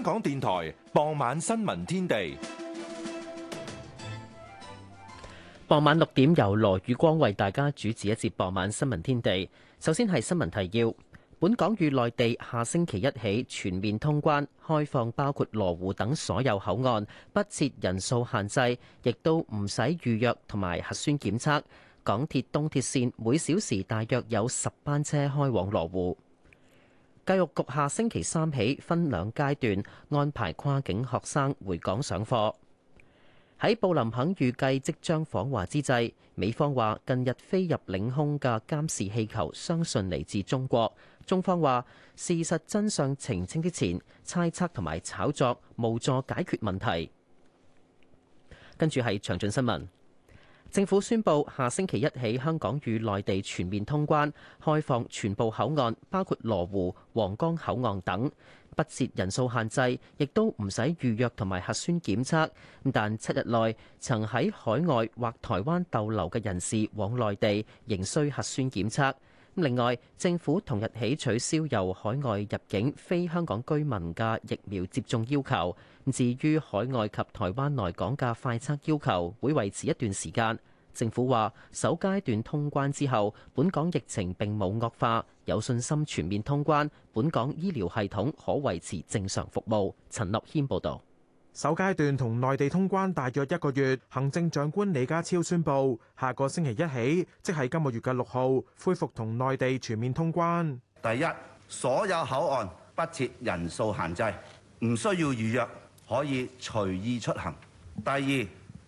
香港電台傍晚新聞天地。傍晚六點由羅宇光為大家主持一節傍晚新聞天地。首先係新聞提要：本港與內地下星期一起全面通關開放，包括羅湖等所有口岸，不設人數限制，亦都唔使預約同埋核酸檢測。港鐵東鐵線每小時大約有十班車開往羅湖。教育局下星期三起分兩階段安排跨境學生回港上課。喺布林肯預計即將訪華之際，美方話近日飛入領空嘅監視氣球，相信嚟自中國。中方話事實真相澄清之前，猜測同埋炒作無助解決問題。跟住係詳盡新聞。政府宣布，下星期一起，香港與內地全面通關，開放全部口岸，包括羅湖、皇崗口岸等，不設人數限制，亦都唔使預約同埋核酸檢測，但七日內曾喺海外或台灣逗留嘅人士往內地，仍需核酸檢測。另外，政府同日起取消由海外入境非香港居民嘅疫苗接種要求。至於海外及台灣來港嘅快測要求，會維持一段時間，政府話首階段通關之後，本港疫情並冇惡化，有信心全面通關，本港醫療系統可維持正常服務，陳樂謙報道。首階段同內地通關大約一個月，行政長官李家超宣布，下個星期一起，即係今個月嘅六號，恢復同內地全面通關。第一，所有口岸不設人數限制，唔需要預約，可以隨意出行。第二，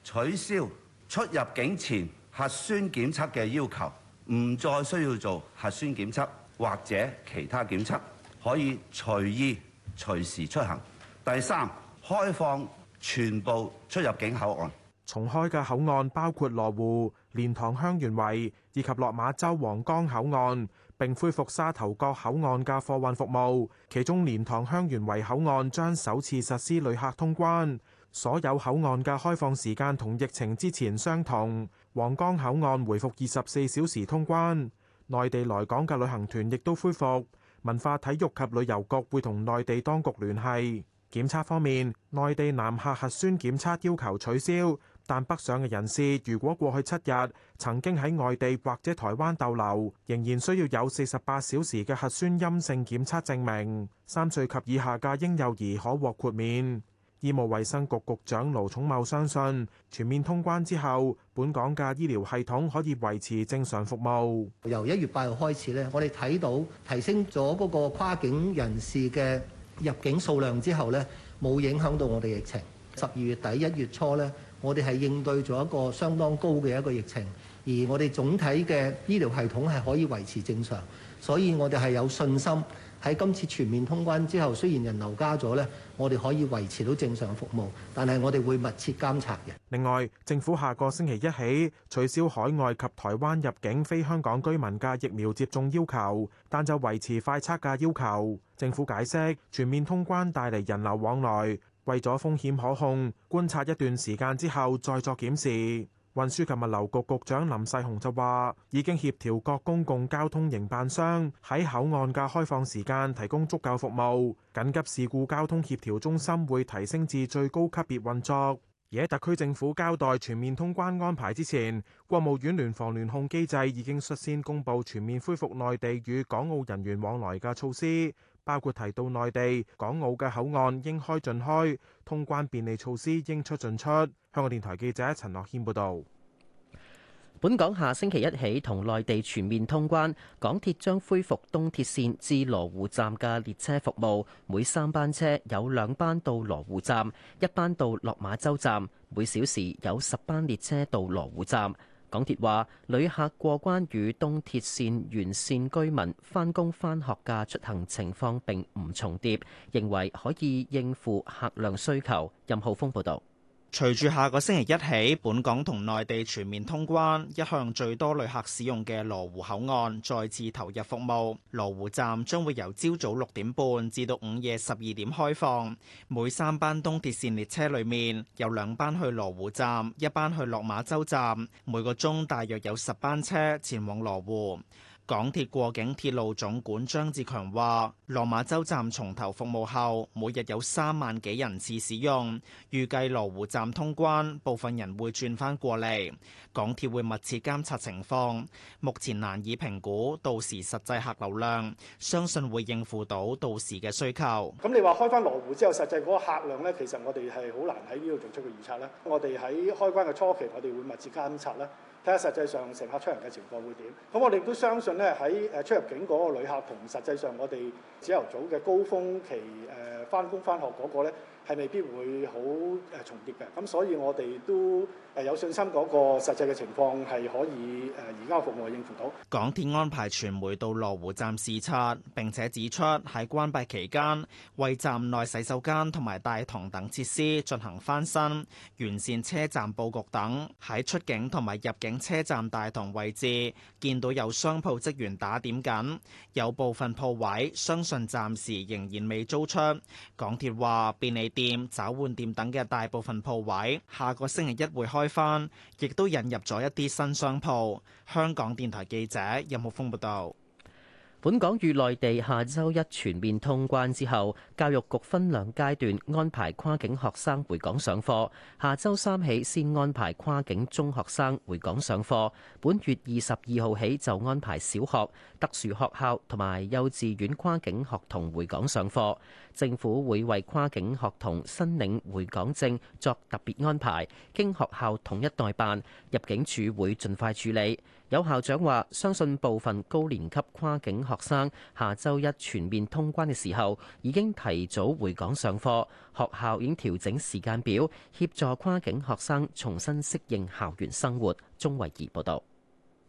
取消出入境前核酸檢測嘅要求，唔再需要做核酸檢測或者其他檢測，可以隨意隨時出行。第三，開放全部出入境口岸，重開嘅口岸包括羅湖、蓮塘香園圍以及落馬洲皇崗口岸，並恢復沙頭角口岸嘅貨運服務。其中蓮塘香園圍口岸將首次實施旅客通關，所有口岸嘅開放時間同疫情之前相同。皇崗口岸恢復二十四小時通關，內地來港嘅旅行團亦都恢復。文化體育及旅遊局會同內地當局聯繫。檢測方面，內地南下核酸檢測要求取消，但北上嘅人士如果過去七日曾經喺外地或者台灣逗留，仍然需要有四十八小時嘅核酸陰性檢測證明。三歲及以下嘅嬰幼兒可獲豁免。醫務衛生局局長盧寵茂相信，全面通關之後，本港嘅醫療系統可以維持正常服務。由一月八號開始咧，我哋睇到提升咗嗰個跨境人士嘅入境數量之後呢，冇影響到我哋疫情。十二月底一月初呢，我哋係應對咗一個相當高嘅一個疫情，而我哋總體嘅醫療系統係可以維持正常，所以我哋係有信心。喺今次全面通關之後，雖然人流加咗咧，我哋可以維持到正常服務，但係我哋會密切監察嘅。另外，政府下個星期一起取消海外及台灣入境非香港居民嘅疫苗接種要求，但就維持快測嘅要求。政府解釋，全面通關帶嚟人流往來，為咗風險可控，觀察一段時間之後再作檢視。運輸及物流局局長林世雄就話，已經協調各公共交通營辦商喺口岸嘅開放時間提供足夠服務，緊急事故交通協調中心會提升至最高級別運作。而喺特區政府交代全面通關安排之前，國務院聯防聯控機制已經率先公布全面恢復內地與港澳人員往來嘅措施，包括提到內地、港澳嘅口岸應開盡開，通關便利措施應出盡出。香港電台記者陳樂謙報道。本港下星期一起同內地全面通關，港鐵將恢復東鐵線至羅湖站嘅列車服務，每三班車有兩班到羅湖站，一班到落馬洲站，每小時有十班列車到羅湖站。港鐵話，旅客過關與東鐵線沿線居民返工返學嘅出行情況並唔重疊，認為可以應付客量需求。任浩峰報導。隨住下個星期一起，本港同內地全面通關，一向最多旅客使用嘅羅湖口岸再次投入服務。羅湖站將會由朝早六點半至到午夜十二點開放，每三班東鐵線列車裏面有兩班去羅湖站，一班去落馬洲站，每個鐘大約有十班車前往羅湖。港鐵過境鐵路總管張志強話：落馬洲站重頭服務後，每日有三萬幾人次使用。預計羅湖站通關，部分人會轉翻過嚟。港鐵會密切監察情況，目前難以評估到時實際客流量，相信會應付到到時嘅需求。咁你話開翻羅湖之後，實際嗰個客量咧，其實我哋係好難喺呢度做出個預測啦。我哋喺開關嘅初期，我哋會密切監察啦，睇下實際上乘客出行嘅情況會點。咁我哋亦都相信。咧喺誒出入境嗰個旅客，同實際上我哋朝頭早嘅高峰期誒翻工翻學嗰個咧。係未必會好誒重疊嘅，咁所以我哋都誒有信心嗰個實際嘅情況係可以誒而家服務應付到。港鐵安排傳媒到羅湖站視察，並且指出喺關閉期間，為站內洗手間同埋大堂等設施進行翻新，完善車站佈局等。喺出境同埋入境車站大堂位置，見到有商鋪職員打點緊，有部分鋪位相信暫時仍然未租出。港鐵話便利店、找換店等嘅大部分鋪位，下個星期一會開翻，亦都引入咗一啲新商鋪。香港電台記者任浩峰報道。本港與內地下周一全面通關之後，教育局分兩階段安排跨境學生回港上課。下週三起先安排跨境中學生回港上課，本月二十二號起就安排小學、特殊學校同埋幼稚園跨境學童回港上課。政府會為跨境學童申領回港證作特別安排，經學校統一代辦，入境處會盡快處理。有校長話：相信部分高年級跨境學生下周一全面通關嘅時候，已經提早回港上課。學校已經調整時間表，協助跨境學生重新適應校園生活。鍾維儀報道，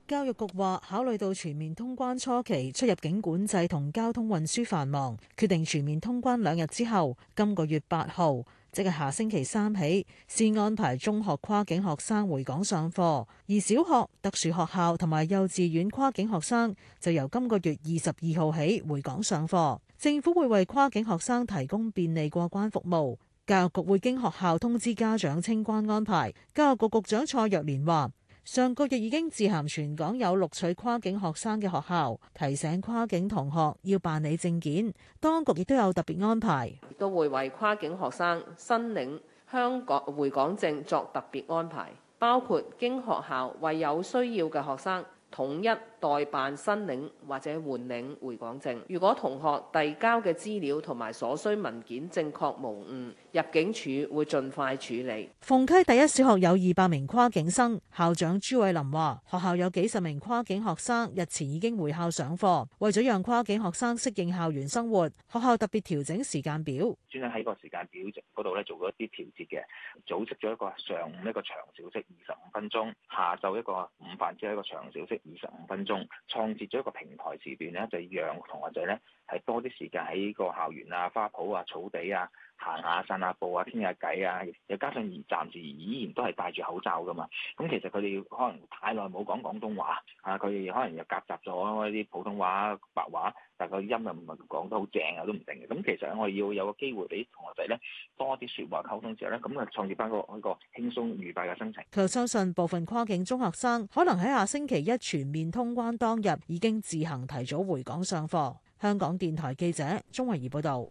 教育局話：考慮到全面通關初期出入境管制同交通運輸繁忙，決定全面通關兩日之後，今個月八號。即係下星期三起，先安排中學跨境學生回港上課，而小學、特殊學校同埋幼稚園跨境學生就由今個月二十二號起回港上課。政府會為跨境學生提供便利過關服務。教育局會經學校通知家長清關安排。教育局局長蔡若蓮話。上個月已經致函全港有錄取跨境學生嘅學校，提醒跨境同學要辦理證件。當局亦都有特別安排，都會為跨境學生申領香港回港證作特別安排，包括經學校為有需要嘅學生統一代辦申領或者換領回港證，如果同學遞交嘅資料同埋所需文件正確無誤，入境處會盡快處理。鳳溪第一小學有二百名跨境生，校長朱偉林話學校有幾十名跨境學生，日前已經回校上課，為咗讓跨境學生適應校園生活，學校特別調整時間表。專登喺個時間表嗰度咧，做咗一啲調節嘅，組織咗一個上午一個長小息二十五分鐘，下晝一個午飯之後一個長小息二十五分鐘。創設咗一個平台時段咧，就是讓同學仔咧。係多啲時間喺個校園啊、花圃啊、草地啊行下、散下步啊、傾下偈啊。又加上而暫時而依然都係戴住口罩噶嘛，咁其實佢哋可能太耐冇講廣東話啊，佢哋可能又夾雜咗一啲普通話、白話，但個音又唔係講得好正，都唔定嘅。咁其實我哋要有個機會俾同學仔咧多啲説話溝通之後咧，咁啊，創建翻個一個輕鬆愉快嘅心情。佢相信，部分跨境中學生可能喺下星期一全面通關當日已經自行提早回港上課。香港電台記者鍾慧怡報道，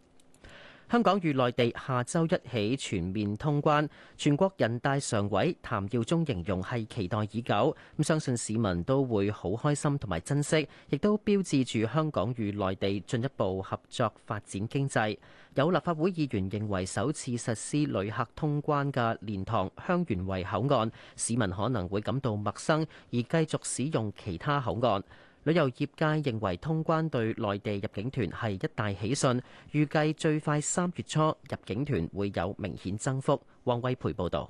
香港與內地下周一起全面通關。全國人大常委譚耀宗形容係期待已久，咁相信市民都會好開心同埋珍惜，亦都標誌住香港與內地進一步合作發展經濟。有立法會議員認為，首次實施旅客通關嘅蓮塘香園圍口岸，市民可能會感到陌生，而繼續使用其他口岸。旅遊業界認為通關對內地入境團係一大喜訊，預計最快三月初入境團會有明顯增幅。黃威培報導，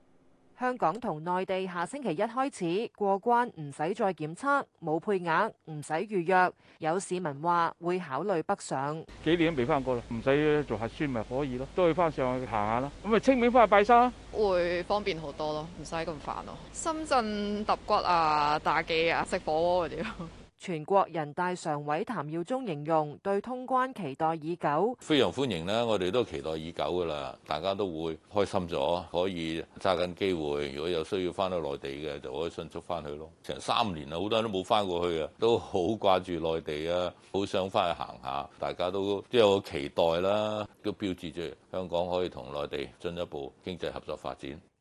香港同內地下星期一開始過關，唔使再檢測，冇配額，唔使預約。有市民話會考慮北上，幾年都未翻過啦，唔使做核酸咪可以咯，都去翻上去行下啦。咁咪清明翻去拜山，會方便好多咯，唔使咁煩咯。深圳揼骨啊，打機啊，食火鍋嗰啲咯。全國人大常委譚耀宗形容對通關期待已久，非常歡迎咧，我哋都期待已久㗎喇，大家都會開心咗，可以揸緊機會，如果有需要返到內地嘅，就可以迅速返去咯。成三年啦，好多人都冇返過去啊，都好掛住內地啊，好想返去行下，大家都都有個期待啦，都標誌住香港可以同內地進一步經濟合作發展。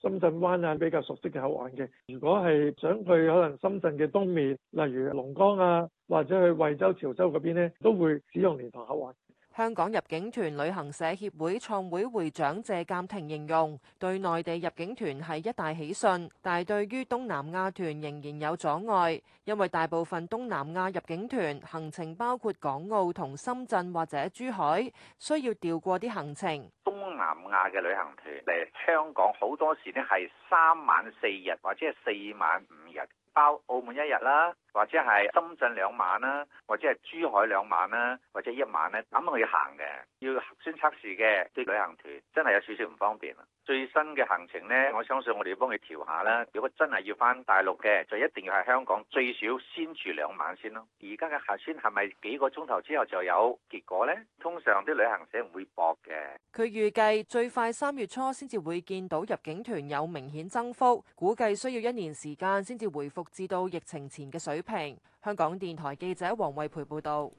深圳灣啊，比較熟悉嘅口岸嘅。如果係想去可能深圳嘅東面，例如龍崗啊，或者去惠州、潮州嗰邊呢，都會使用蓮塘口岸。香港入境團旅行社協會創會會長謝鑒庭形容，對內地入境團係一大喜訊，但係對於東南亞團仍然有阻礙，因為大部分東南亞入境團行程包括港澳同深圳或者珠海，需要調過啲行程。東南亞嘅旅行團嚟香港好多時呢，係三晚四日或者係四晚五日。包澳門一日啦，或者係深圳兩晚啦，或者係珠海兩晚啦，或者一晚咧，咁去行嘅，要核酸測試嘅啲旅行團，真係有少少唔方便啊！最新嘅行程呢，我相信我哋要幫佢調下啦。如果真係要翻大陸嘅，就一定要喺香港最少先住兩晚先咯。而家嘅核酸係咪幾個鐘頭之後就有結果呢？通常啲旅行社唔會搏嘅。佢預計最快三月初先至會見到入境團有明顯增幅，估計需要一年時間先至回復至到疫情前嘅水平。香港電台記者黃慧培報道。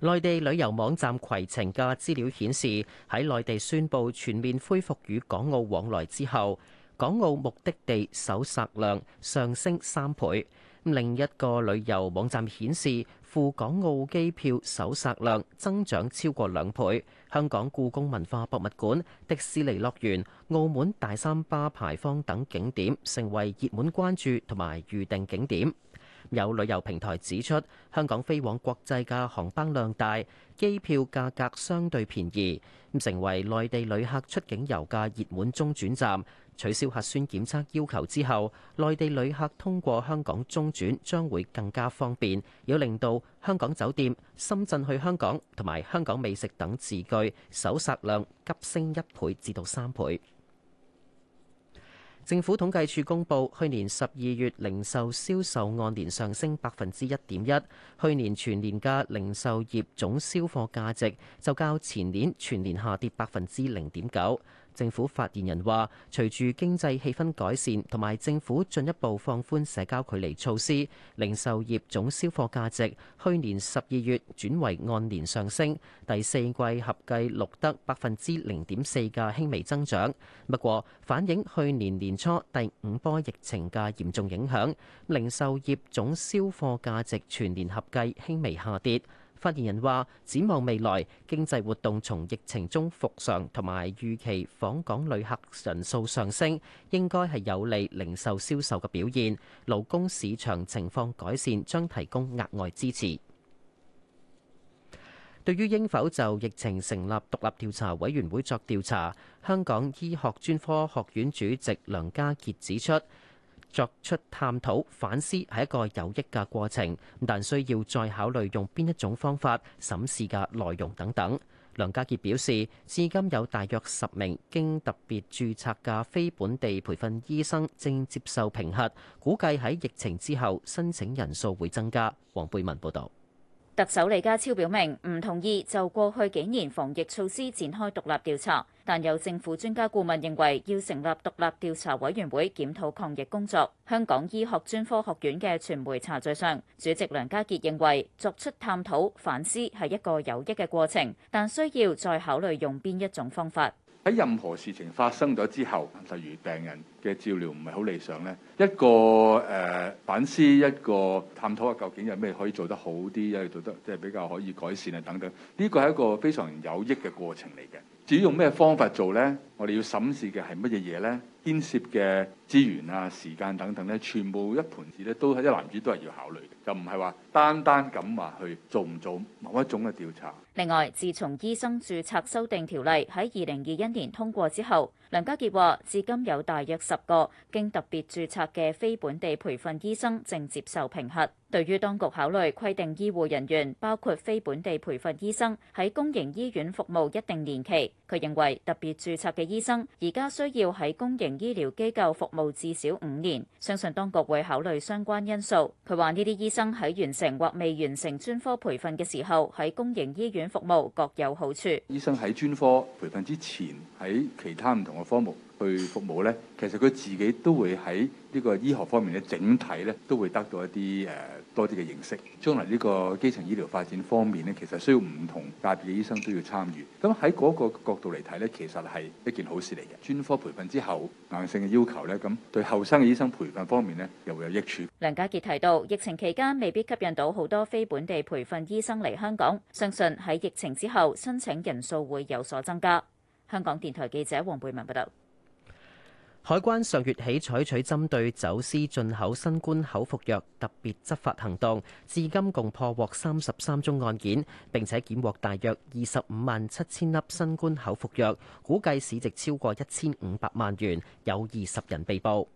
內地旅遊網站攜程嘅資料顯示，喺內地宣布全面恢復與港澳往來之後，港澳目的地搜索量上升三倍。另一個旅遊網站顯示，赴港澳機票搜索量增長超過兩倍。香港故宮文化博物館、迪士尼樂園、澳門大三巴牌坊等景點成為熱門關注同埋預定景點。有旅遊平台指出，香港飛往國際嘅航班量大，機票價格相對便宜，咁成為內地旅客出境遊嘅熱門中轉站。取消核酸檢測要求之後，內地旅客通過香港中轉將會更加方便，要令到香港酒店、深圳去香港同埋香港美食等字句搜索量急升一倍至到三倍。政府統計處公布，去年十二月零售銷售按年上升百分之一點一。去年全年嘅零售業總銷貨價值就較前年全年下跌百分之零點九。政府發言人話，隨住經濟氣氛改善同埋政府進一步放寬社交距離措施，零售業總銷貨價值去年十二月轉為按年上升，第四季合計錄得百分之零點四嘅輕微增長，不過反映去年年初第五波疫情嘅嚴重影響，零售業總銷貨價值全年合計輕微下跌。發言人話：展望未來，經濟活動從疫情中復常，同埋預期訪港旅客人數上升，應該係有利零售銷售嘅表現。勞工市場情況改善將提供額外支持。對於應否就疫情成立獨立調查委員會作調查，香港醫學專科學院主席梁家傑指出：作出探討反思係一個有益嘅過程，但需要再考慮用邊一種方法審視嘅內容等等。梁家傑表示，至今有大約十名經特別註冊嘅非本地培訓醫生正接受評核，估計喺疫情之後申請人數會增加。黃貝文報道。特首李家超表明唔同意就過去幾年防疫措施展開獨立調查，但有政府專家顧問認為要成立獨立調查委員會檢討抗疫工作。香港醫學專科學院嘅傳媒茶敘上，主席梁家傑認為作出探討反思係一個有益嘅過程，但需要再考慮用邊一種方法。喺任何事情發生咗之後，例如病人嘅照料唔係好理想咧，一個誒、呃、反思一個探討下，究竟有咩可以做得好啲，有咩做得即係比較可以改善啊等等，呢個係一個非常有益嘅過程嚟嘅。至於用咩方法做呢？我哋要審視嘅係乜嘢嘢咧，牽涉嘅。資源啊、時間等等咧，全部一盤子咧，都係一籃子都係要考慮嘅，就唔係話單單咁話去做唔做某一種嘅調查。另外，自從醫生註冊修訂條例喺二零二一年通過之後，梁家傑話，至今有大約十個經特別註冊嘅非本地培訓醫生正接受評核。對於當局考慮規定醫護人員包括非本地培訓醫生喺公營醫院服務一定年期，佢認為特別註冊嘅醫生而家需要喺公營醫療機構服務。服務至少五年，相信當局會考慮相關因素。佢話呢啲醫生喺完成或未完成專科培訓嘅時候，喺公營醫院服務各有好處。醫生喺專科培訓之前，喺其他唔同嘅科目。去服務咧，其實佢自己都會喺呢個醫學方面咧，整體咧都會得到一啲誒、呃、多啲嘅認識。將來呢個基層醫療發展方面呢，其實需要唔同界別嘅醫生都要參與。咁喺嗰個角度嚟睇呢，其實係一件好事嚟嘅。專科培訓之後，硬性嘅要求咧，咁對後生嘅醫生培訓方面呢，又會有益處。梁家傑提到，疫情期間未必吸引到好多非本地培訓醫生嚟香港，相信喺疫情之後，申請人數會有所增加。香港電台記者黃貝文報道。海關上月起採取針對走私進口新冠口服藥特別執法行動，至今共破獲三十三宗案件，並且檢獲大約二十五萬七千粒新冠口服藥，估計市值超過一千五百萬元，有二十人被捕。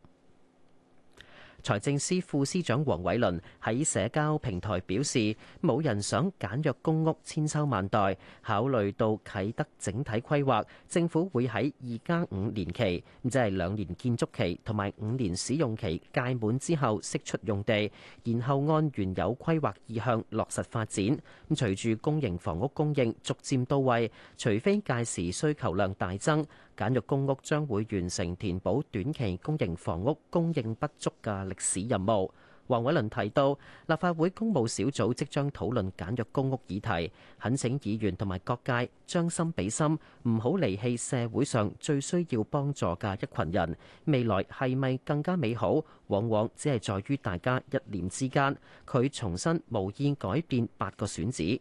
財政司副司長黃偉綸喺社交平台表示：冇人想簡約公屋千秋萬代。考慮到啟德整體規劃，政府會喺二加五年期，即係兩年建築期同埋五年使用期屆滿之後釋出用地，然後按原有規劃意向落實發展。咁隨住公營房屋供應逐漸到位，除非屆時需求量大增。簡約公屋將會完成填補短期供應房屋供應不足嘅歷史任務。黃偉綸提到，立法會公務小組即將討論簡約公屋議題，懇請議員同埋各界將心比心，唔好離棄社會上最需要幫助嘅一群人。未來係咪更加美好，往往只係在於大家一念之間。佢重新無意改變八個選址。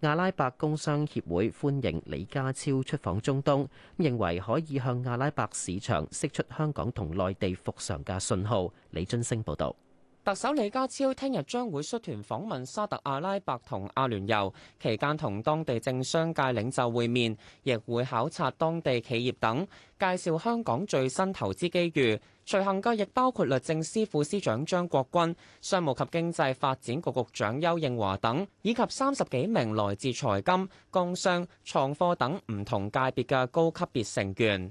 阿拉伯工商協會歡迎李家超出訪中東，認為可以向阿拉伯市場釋出香港同內地復常嘅信號，李津升報道，特首李家超聽日將會率團訪問沙特阿拉伯同阿聯酋，期間同當地政商界領袖會面，亦會考察當地企業等，介紹香港最新投資機遇。隨行嘅亦包括律政司副司長張國鈞、商務及經濟發展局局長丘應樺等，以及三十幾名來自財金、工商、創科等唔同界別嘅高級別成員。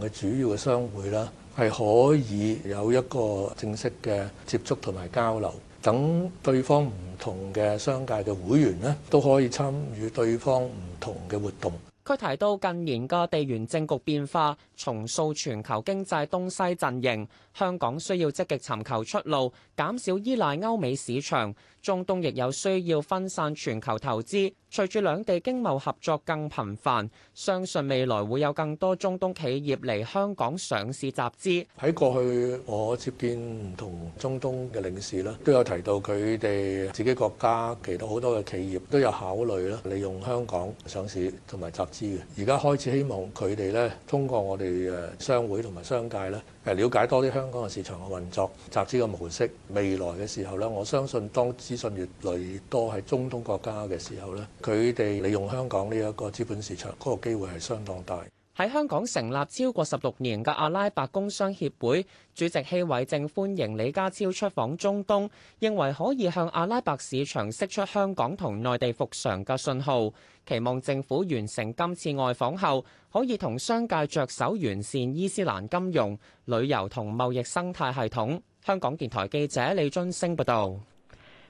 嘅主要嘅商會啦，係可以有一個正式嘅接觸同埋交流，等對方唔同嘅商界嘅會員咧，都可以參與對方唔同嘅活動。佢提到近年個地緣政局變化，重塑全球經濟東西陣營，香港需要積極尋求出路，減少依賴歐美市場。中東亦有需要分散全球投資，隨住兩地經貿合作更頻繁，相信未來會有更多中東企業嚟香港上市集資。喺過去我接見唔同中東嘅領事咧，都有提到佢哋自己國家其他好多嘅企業都有考慮啦，利用香港上市同埋集資嘅。而家開始希望佢哋咧，通過我哋誒商會同埋商界咧。誒了解多啲香港嘅市場嘅運作、集資嘅模式，未來嘅時候咧，我相信當資訊越來越多喺中東國家嘅時候咧，佢哋利用香港呢一個資本市場嗰個機會係相當大。在香港成立超過十六年的阿拉伯工商協會主席氣味正，歡迎李家超出訪中東，認為可以向阿拉伯市場悉出香港和內地服裝的信號，希望政府完成今次外訪後，可以同商界着手原線伊斯蘭金融、旅遊和貿易生態系統。香港電台記者李尊升不到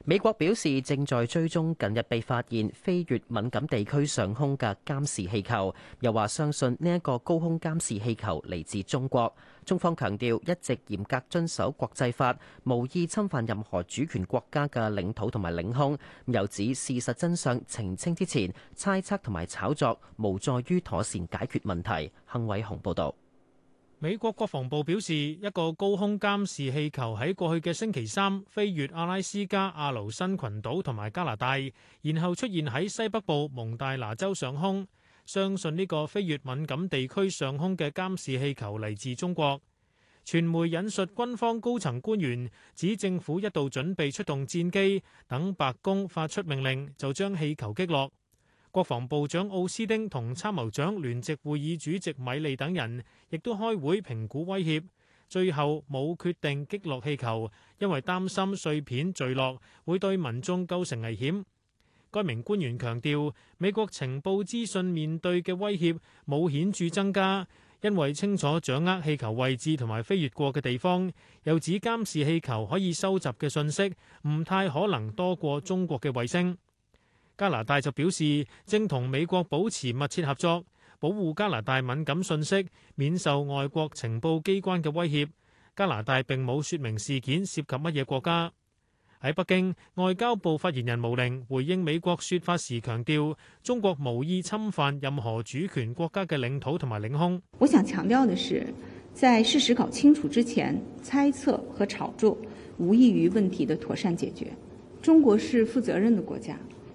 美國表示正在追蹤近日被發現飛越敏感地區上空嘅監視氣球，又話相信呢一個高空監視氣球嚟自中國。中方強調一直嚴格遵守國際法，無意侵犯任何主權國家嘅領土同埋領空。又指事實真相澄清之前，猜測同埋炒作無助於妥善解決問題。幸偉雄報道。美國國防部表示，一個高空監視氣球喺過去嘅星期三飛越阿拉斯加、阿留申群島同埋加拿大，然後出現喺西北部蒙大拿州上空。相信呢個飛越敏感地區上空嘅監視氣球嚟自中國。傳媒引述軍方高層官員指，政府一度準備出動戰機，等白宮發出命令就將氣球擊落。國防部長奧斯汀同參謀長聯席會議主席米利等人亦都開會評估威脅，最後冇決定擊落氣球，因為擔心碎片墜落會對民眾構成危險。該名官員強調，美國情報資訊面對嘅威脅冇顯著增加，因為清楚掌握氣球位置同埋飛越過嘅地方，又指監視氣球可以收集嘅信息唔太可能多過中國嘅衛星。加拿大就表示，正同美國保持密切合作，保護加拿大敏感信息，免受外國情報機關嘅威脅。加拿大並冇說明事件涉及乜嘢國家。喺北京，外交部發言人毛寧回應美國說法時強調，中國無意侵犯任何主權國家嘅領土同埋領空。我想強調的是，在事實搞清楚之前，猜測和炒作無異於問題的妥善解決。中國是負責任的國家。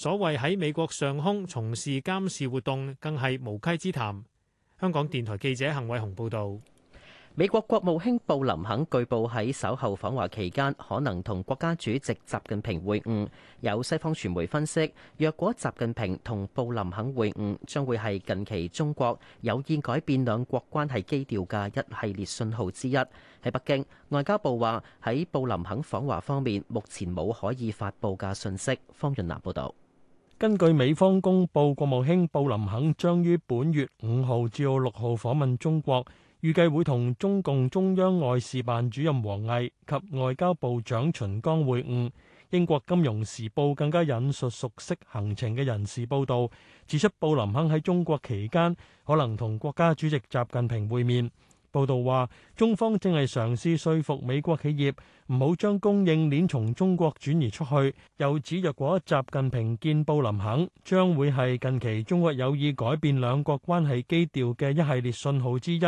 所謂喺美國上空從事監視活動，更係無稽之談。香港電台記者陳偉雄報導，美國國務卿布林肯據報喺稍後訪華期間可能同國家主席習近平會晤。有西方傳媒分析，若果習近平同布林肯會晤，將會係近期中國有意改變兩國關係基調嘅一系列信號之一。喺北京外交部話喺布林肯訪華方面，目前冇可以發布嘅信息。方潤南報導。根據美方公佈，國務卿布林肯將於本月五號至六號訪問中國，預計會同中共中央外事辦主任王毅及外交部長秦剛會晤。英國金融時報更加引述熟悉行程嘅人士報導，指出布林肯喺中國期間可能同國家主席習近平會面。報道話，中方正係嘗試說服美國企業唔好將供應鏈從中國轉移出去。又指，若果習近平見布林肯，將會係近期中國有意改變兩國關係基調嘅一系列信號之一。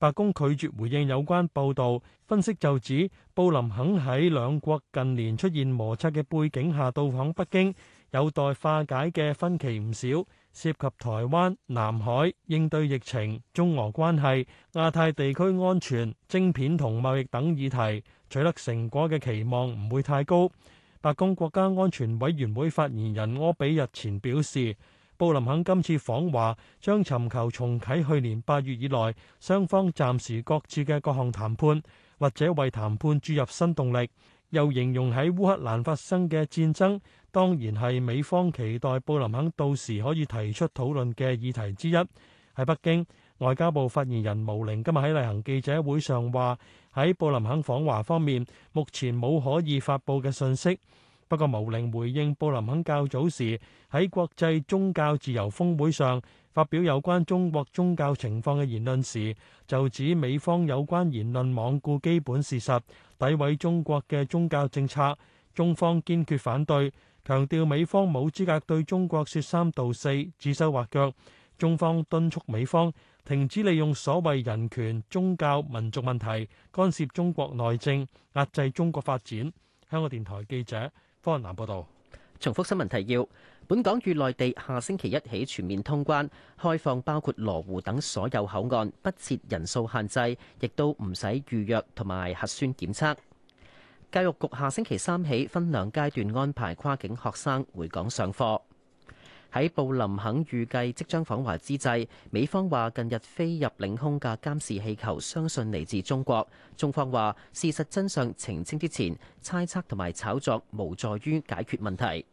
白宮拒絕回應有關報導，分析就指，布林肯喺兩國近年出現摩擦嘅背景下到訪北京。有待化解嘅分歧唔少，涉及台灣、南海、應對疫情、中俄關係、亞太地區安全、晶片同貿易等議題，取得成果嘅期望唔會太高。白宮國家安全委員會發言人柯比日前表示，布林肯今次訪華將尋求重啟去年八月以來雙方暫時擱置嘅各項談判，或者為談判注入新動力。又形容喺烏克蘭發生嘅戰爭。當然係美方期待布林肯到時可以提出討論嘅議題之一。喺北京外交部發言人毛寧今日喺例行記者會上話：喺布林肯訪華方面，目前冇可以發布嘅訊息。不過，毛寧回應布林肯較早時喺國際宗教自由峰會上發表有關中國宗教情況嘅言論時，就指美方有關言論罔顧基本事實，詆毀中國嘅宗教政策，中方堅決反對。強調美方冇資格對中國說三道四，指手畫腳，中方敦促美方停止利用所謂人權、宗教、民族問題干涉中國內政、壓制中國發展。香港電台記者方雲南報道。重複新聞提要：本港與內地下星期一起全面通關，開放包括羅湖等所有口岸，不設人數限制，亦都唔使預約同埋核酸檢測。教育局下星期三起分兩階段安排跨境學生回港上課。喺布林肯預計即將訪華之際，美方話近日飛入領空嘅監視氣球，相信嚟自中國。中方話事實真相澄清之前，猜測同埋炒作無助於解決問題。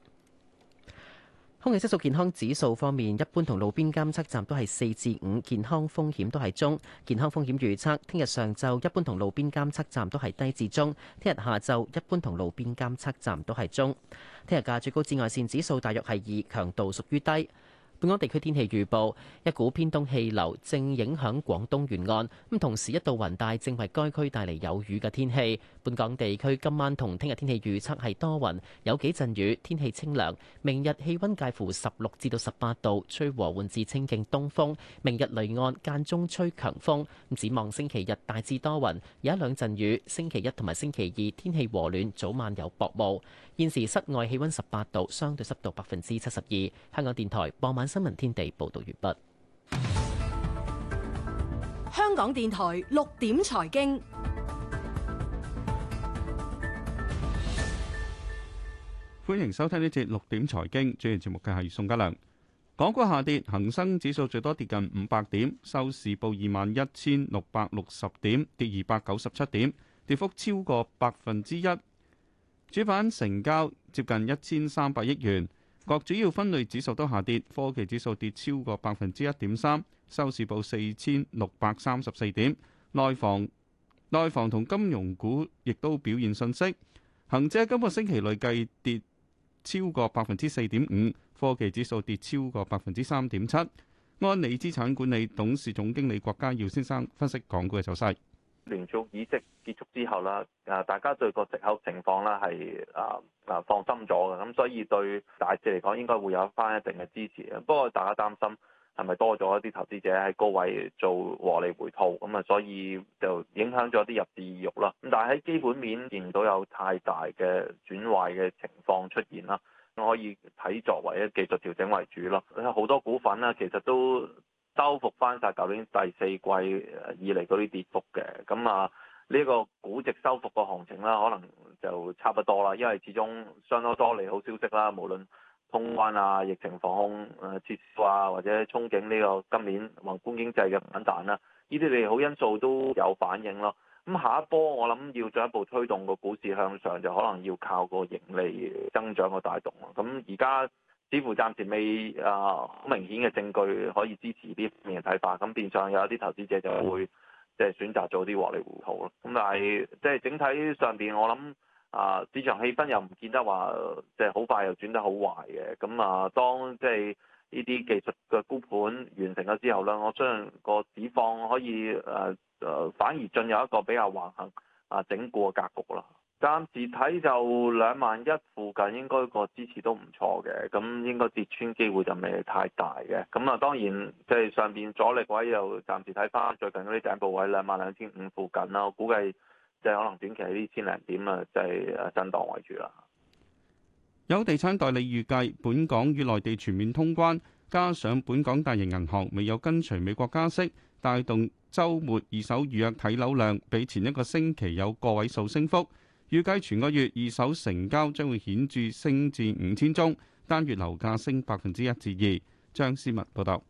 空氣質素健康指數方面，一般同路邊監測站都係四至五，健康風險都係中。健康風險預測，聽日上晝一般同路邊監測站都係低至中，聽日下晝一般同路邊監測站都係中。聽日嘅最高紫外線指數大約係二，強度屬於低。本港地區天氣預報，一股偏東氣流正影響廣東沿岸，咁同時一道雲帶正為該區帶嚟有雨嘅天氣。本港地區今晚同聽日天氣預測係多雲，有幾陣雨，天氣清涼，明日氣溫介乎十六至到十八度，吹和緩至清勁東風，明日離岸間中吹強風，咁展望星期日大致多雲，有一兩陣雨。星期一同埋星期二天氣和暖，早晚有薄霧。現時室外氣溫十八度，相對濕度百分之七十二。香港電台傍晚新聞天地報道完畢。香港電台六點財經，歡迎收聽呢節六點財經。主持節目嘅係宋家良。港股下跌，恒生指數最多跌近五百點，收市報二萬一千六百六十點，跌二百九十七點，跌幅超過百分之一。主板成交接近一千三百億元，各主要分類指數都下跌，科技指數跌超過百分之一點三，收市報四千六百三十四點，內房內房同金融股亦都表現遜色，恆指喺今個星期累計跌，跌超過百分之四點五，科技指數跌超過百分之三點七。安理資產管理董事總經理郭家耀先生分析港股嘅走勢。聯儲議息結束之後啦，誒，大家對個直口情況啦係誒誒放心咗嘅。咁所以對大市嚟講應該會有翻一定嘅支持啊。不過大家擔心係咪多咗一啲投資者喺高位做獲利回吐，咁啊，所以就影響咗啲入市意欲啦。咁但係喺基本面見唔到有太大嘅轉壞嘅情況出現啦，可以睇作為一技術調整為主啦。好多股份啦，其實都～收復翻晒舊年第四季以嚟嗰啲跌幅嘅，咁啊呢個估值收復個行情啦，可能就差不多啦，因為始終相當多利好消息啦，無論通關啊、疫情防控、誒撤銷啊，或者憧憬呢個今年宏觀經濟嘅反彈啦、啊，呢啲利好因素都有反應咯。咁下一波我諗要進一步推動個股市向上，就可能要靠個盈利增長個帶動咯。咁而家，似乎暫時未啊，好、呃、明顯嘅證據可以支持呢一面嘅睇法，咁變相有一啲投資者就會即係、就是、選擇做啲獲利回吐咯。咁但係即係整體上邊，我諗啊、呃，市場氣氛又唔見得話即係好快又轉得好壞嘅。咁啊、呃，當即係呢啲技術嘅沽盤完成咗之後咧，我將個指況可以誒誒、呃，反而進入一個比較橫行啊、呃、整固嘅格局啦。暫時睇就兩萬一附近，應該個支持都唔錯嘅。咁應該跌穿機會就未太大嘅。咁啊，當然即係上邊阻力位又暫時睇返最近嗰啲頂部位兩萬兩千五附近啦。我估計即係可能短期喺呢千零點啊，就係誒震盪為主啦。有地產代理預計，本港與內地全面通關，加上本港大型銀行未有跟隨美國加息，帶動週末二手預約睇樓量比前一個星期有個位數升幅。預計全個月二手成交將會顯著升至五千宗，單月樓價升百分之一至二。張思密報道，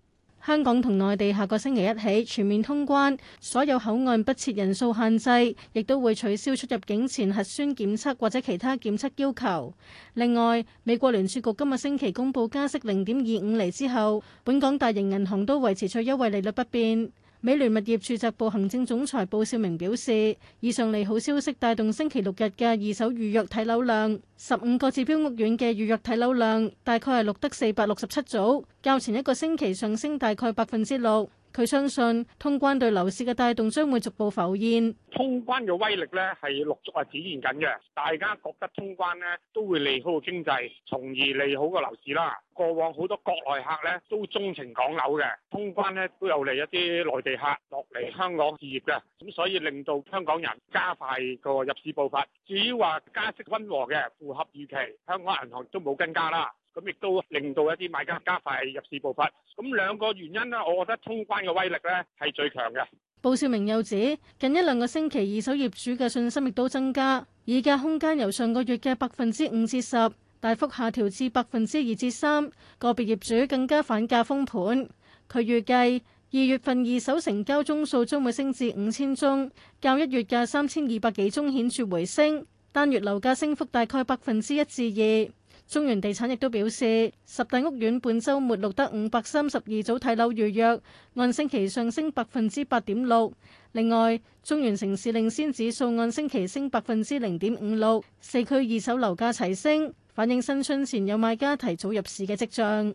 香港同內地下個星期一起全面通關，所有口岸不設人數限制，亦都會取消出入境前核酸檢測或者其他檢測要求。另外，美國聯儲局今個星期公布加息零點二五厘之後，本港大型銀行都維持最優惠利率不變。美聯物業住宅部行政總裁鮑少明表示，以上利好消息帶動星期六日嘅二手預約睇樓量，十五個指標屋苑嘅預約睇樓量大概係錄得四百六十七組，較前一個星期上升大概百分之六。佢相信通關對樓市嘅帶動將會逐步浮現，通關嘅威力咧係陸續係展現緊嘅。大家覺得通關咧都會利好個經濟，從而利好個樓市啦。過往好多國內客咧都鍾情港樓嘅，通關咧都有嚟一啲內地客落嚟香港置業嘅，咁所以令到香港人加快個入市步伐。至於話加息溫和嘅，符合預期，香港銀行都冇跟加啦。咁亦都令到一啲買家加快入市步伐。咁兩個原因咧，我覺得通關嘅威力咧係最強嘅。布少明又指，近一兩個星期二手業主嘅信心亦都增加，議價空間由上個月嘅百分之五至十大幅下調至百分之二至三。個別業主更加反價封盤，佢預計二月份二手成交宗數將會升至五千宗，較一月嘅三千二百幾宗顯著回升，單月樓價升幅大概百分之一至二。中原地產亦都表示，十大屋苑本週末錄得五百三十二組睇樓預約，按星期上升百分之八點六。另外，中原城市領先指數按星期升百分之零點五六，四區二手樓價齊升，反映新春前有買家提早入市嘅跡象。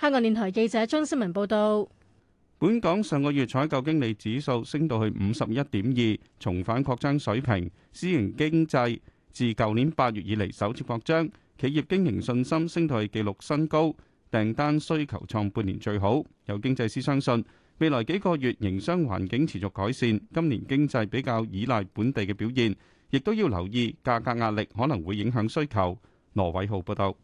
香港電台記者張思文報道，本港上個月採購經理指數升到去五十一點二，重返擴張水平，私營經濟自舊年八月以嚟首次擴張。企業經營信心升到紀錄新高，訂單需求創半年最好。有經濟師相信，未來幾個月營商環境持續改善，今年經濟比較依賴本地嘅表現，亦都要留意價格壓力可能會影響需求。羅偉浩報道。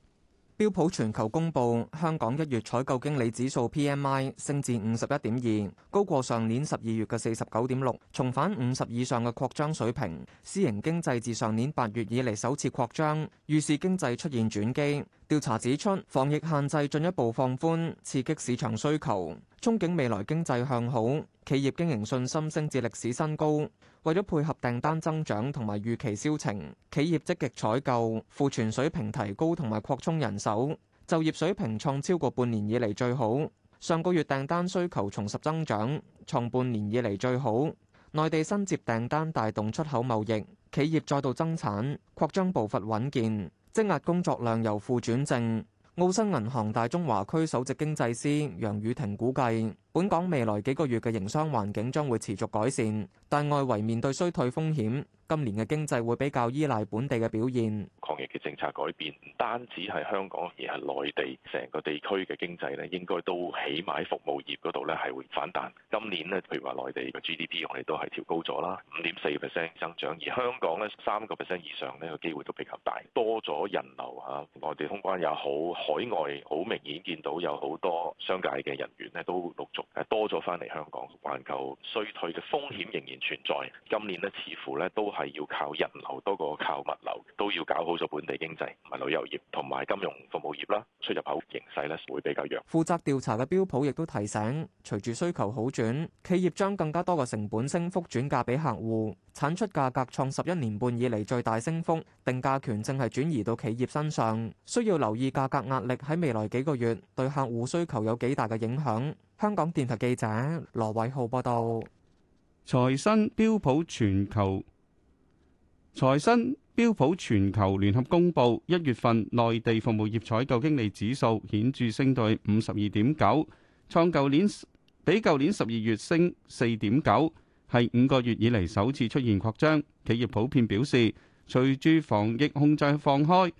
標普全球公布香港一月採購經理指數 PMI 升至五十一點二，高過上年十二月嘅四十九點六，重返五十以上嘅擴張水平。私營經濟自上年八月以嚟首次擴張，預示經濟出現轉機。調查指出，防疫限制進一步放寬，刺激市場需求。憧憬未來經濟向好，企業經營信心升至歷史新高。為咗配合訂單增長同埋預期銷情，企業積極採購，庫存水平提高同埋擴充人手。就業水平創超過半年以嚟最好。上個月訂單需求重拾增長，創半年以嚟最好。內地新接訂單帶動出口貿易，企業再度增產，擴張步伐穩健。積壓工作量由負轉正。澳新銀行大中華區首席經濟師楊雨婷估計。本港未來幾個月嘅營商環境將會持續改善，但外圍面對衰退風險，今年嘅經濟會比較依賴本地嘅表現。抗疫嘅政策改變唔單止係香港，而係內地成個地區嘅經濟咧，應該都起碼喺服務業嗰度咧係會反彈。今年咧，譬如話內地嘅 GDP 我哋都係調高咗啦，五點四 percent 增長，而香港呢三個 percent 以上呢個機會都比較大，多咗人流嚇，啊，內地通關也好，海外好明顯見到有好多商界嘅人員呢都陸續。多咗返嚟香港，環球衰退嘅風險仍然存在。今年咧，似乎咧都係要靠人流多過靠物流，都要搞好咗本地經濟同旅遊業，同埋金融服務業啦。出入口形勢咧會比較弱。負責調查嘅標普亦都提醒，隨住需求好轉，企業將更加多嘅成本升幅轉嫁俾客戶，產出價格創十一年半以嚟最大升幅，定價權正係轉移到企業身上，需要留意價格壓力喺未來幾個月對客戶需求有幾大嘅影響。香港電台記者羅偉浩報道：財新標普全球，財新標普全球聯合公布一月份內地服務業採購經理指數顯著升到五十二點九，創舊年比舊年十二月升四點九，係五個月以嚟首次出現擴張。企業普遍表示，隨住防疫控制放開，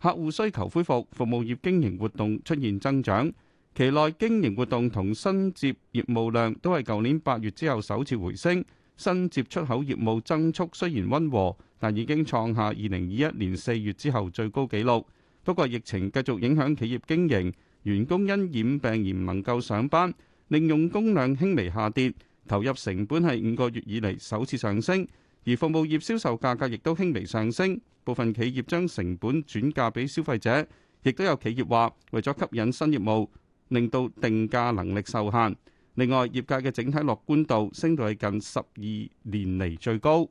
客戶需求恢復，服務業經營活動出現增長。期內經營活動同新接業務量都係舊年八月之後首次回升，新接出口業務增速雖然溫和，但已經創下二零二一年四月之後最高紀錄。不過疫情繼續影響企業經營，員工因染病而唔能夠上班，令用工量輕微下跌，投入成本係五個月以嚟首次上升，而服務業銷售價格亦都輕微上升。部分企業將成本轉嫁俾消費者，亦都有企業話為咗吸引新業務，令到定價能力受限。另外，業界嘅整體樂觀度升到係近十二年嚟最高。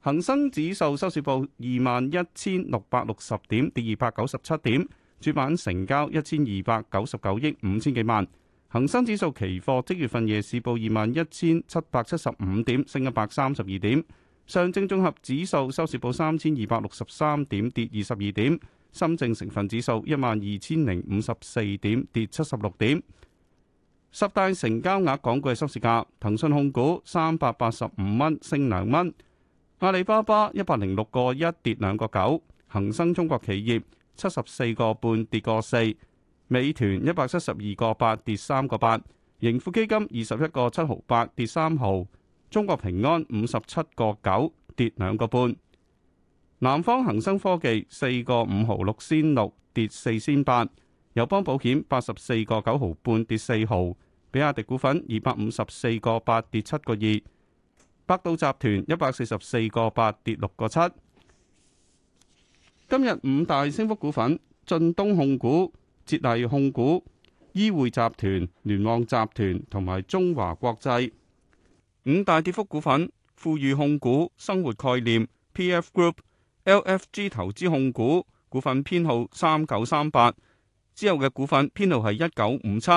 恒生指數收市報二萬一千六百六十點，跌二百九十七點。主板成交一千二百九十九億五千幾萬。恒生指數期貨即月份夜市報二萬一千七百七十五點，升一百三十二點。上證綜合指數收市報三千二百六十三點，跌二十二點。深證成分指數一萬二千零五十四點，跌七十六點。十大成交額港股收市價：騰訊控股三百八十五蚊，升兩蚊；阿里巴巴一百零六個一，跌兩個九；恒生中國企業七十四個半，跌個四；美團一百七十二個八，跌三個八；盈富基金二十一個七毫八，跌三毫；中國平安五十七個九，跌兩個半。南方恒生科技四個五毫六仙六，跌四仙八，友邦保險八十四個九毫半，跌四毫，比亞迪股份二百五十四個八，跌七個二，百度集團一百四十四個八，跌六個七。今日五大升幅股份：晉東控股、捷大控股、依匯集團、聯旺集團同埋中華國際。五大跌幅股份：富裕控股、生活概念、P.F.Group。LFG 投資控股股份編號三九三八，之後嘅股份編號係一九五七。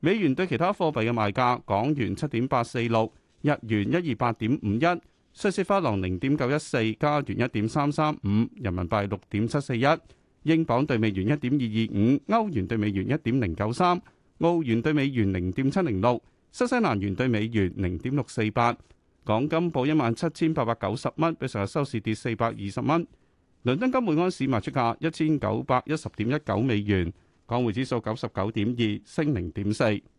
美元對其他貨幣嘅賣價：港元七點八四六，日元一二八點五一，瑞士法郎零點九一四，加元一點三三五，人民幣六點七四一，英鎊兌美元一點二二五，歐元兌美元一點零九三，澳元兌美元零點七零六，新西蘭元兌美元零點六四八。港金報一萬七千八百九十蚊，比上日收市跌四百二十蚊。倫敦金每安士賣出價一千九百一十點一九美元，港匯指數九十九點二升零點四。